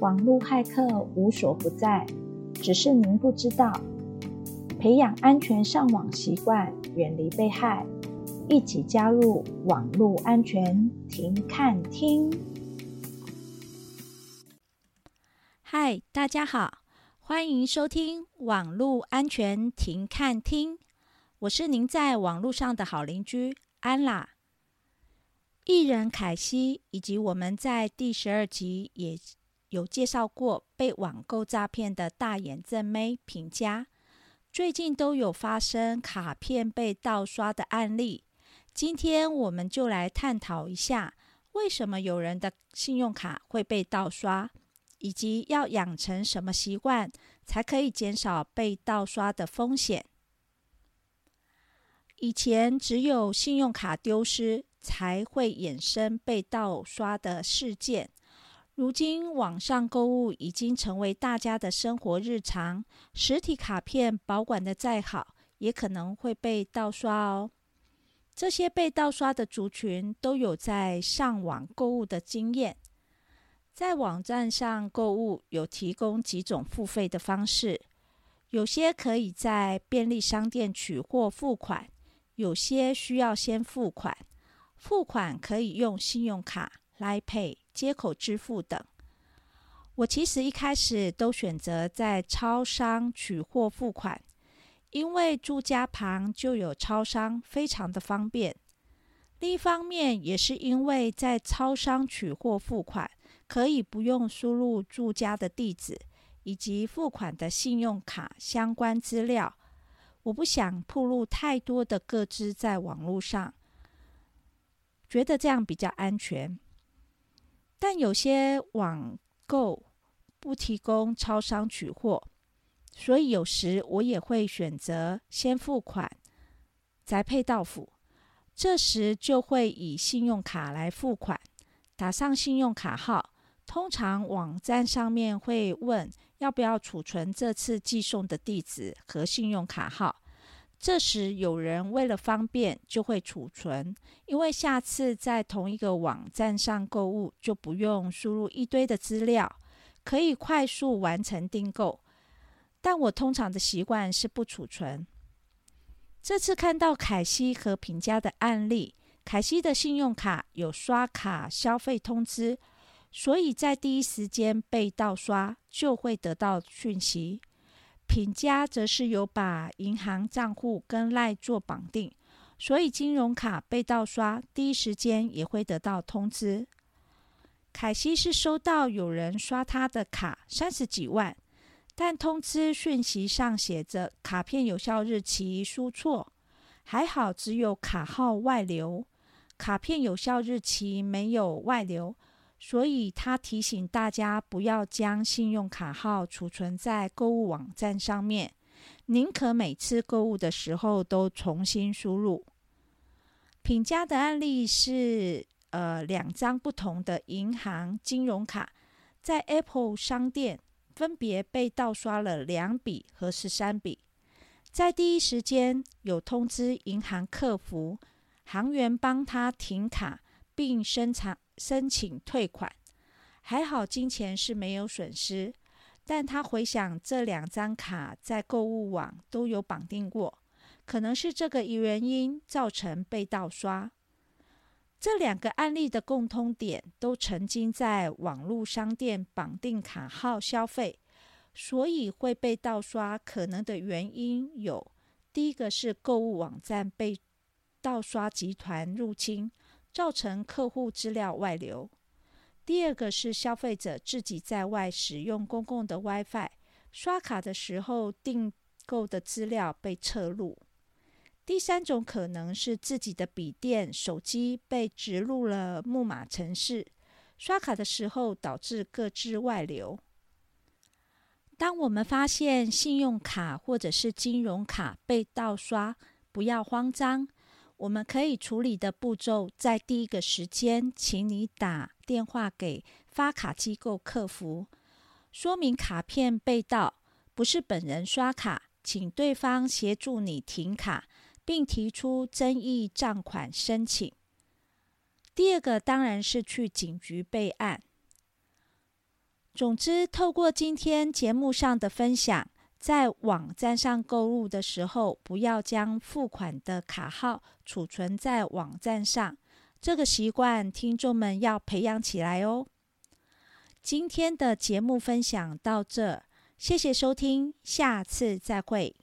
網絡駭客無所不在，只是您不知道。培養安全上網習慣，遠離被害，一起加入網絡安全停看聽。嗨，大家好，歡迎收聽網絡安全停看聽。我是您在網絡上的好鄰居安啦，藝人凱希，以及我們在第十二集也。有介紹過被網購詐騙的大眼正妹品嘉，最近都有發生卡片被盜刷的案例。今天我們就來探討一下，為什麼有人的信用卡會被盜刷，以及要養成什麼習慣才可以減少被盜刷的風險。以前只有信用卡丟失才會衍生被盜刷的事件。如今，網上購物已經成為大家的生活日常。實體卡片保管得再好，也可能會被盜刷哦。這些被盜刷的族群都有在上網購物的經驗。在網站上購物有提供幾種付費的方式，有些可以在便利商店取貨付款，有些需要先付款。付款可以用信用卡來 pay。接口支付等，我其實一開始都選擇在超商取貨付款，因為住家旁就有超商，非常的方便。另一方面，也是因為在超商取貨付款，可以不用輸入住家的地址以及付款的信用卡相關資料，我不想曝露太多的個資在網絡上，覺得這樣比較安全。但有些網購不提供超商取貨，所以有時我也會選擇先付款，再配到府。這時就會以信用卡來付款，打上信用卡號。通常網站上面會問要不要儲存這次寄送的地址和信用卡號。這時，有人為了方便就會儲存，因為下次在同一個網站上購物就不用輸入一堆的資料，可以快速完成訂購。但我通常的習慣是不儲存。這次看到凱希和品嘉的案例，凱希的信用卡有刷卡消費通知，所以在第一時間被盜刷就會得到訊息。品嘉則是有把銀行賬戶跟賴做綁定，所以金融卡被盜刷，第一時間也會得到通知。凱希是收到有人刷他的卡三十幾萬，但通知訊息上寫着卡片有效日期輸錯，還好只有卡號外流，卡片有效日期沒有外流。所以他提醒大家不要將信用卡號儲存在購物網站上面，寧可每次購物的時候都重新輸入。品嘉的案例是，呃，兩張不同的銀行金融卡在 Apple 商店分別被盜刷了兩筆和十三筆，在第一時間有通知銀行客服，行員幫他停卡並生產申請退款，還好金錢是沒有損失，但他回想這兩張卡在購物網都有綁定過，可能是這個原因造成被盜刷。這兩個案例的共通點都曾經在網絡商店綁定卡號消費，所以會被盜刷。可能的原因有：第一個是購物網站被盜刷集團入侵。造成客戶資料外流。第二個是消費者自己在外使用公共的 WiFi，刷卡的時候訂購的資料被側錄。第三種可能是自己的筆電、手機被植入了木馬程式，刷卡的時候導致個資外流。當我們發現信用卡或者是金融卡被盜刷，不要慌張。我們可以處理的步驟，在第一個時間，請你打電話給發卡機構客服，說明卡片被盜，不是本人刷卡，請對方協助你停卡，並提出爭議賬款申請。第二個當然是去警局備案。總之，透過今天節目上的分享，在網站上購物的時候，不要將付款的卡號儲存在網站上。這個習慣，聽眾們要培養起來哦。今天的節目分享到這，謝謝收聽，下次再會。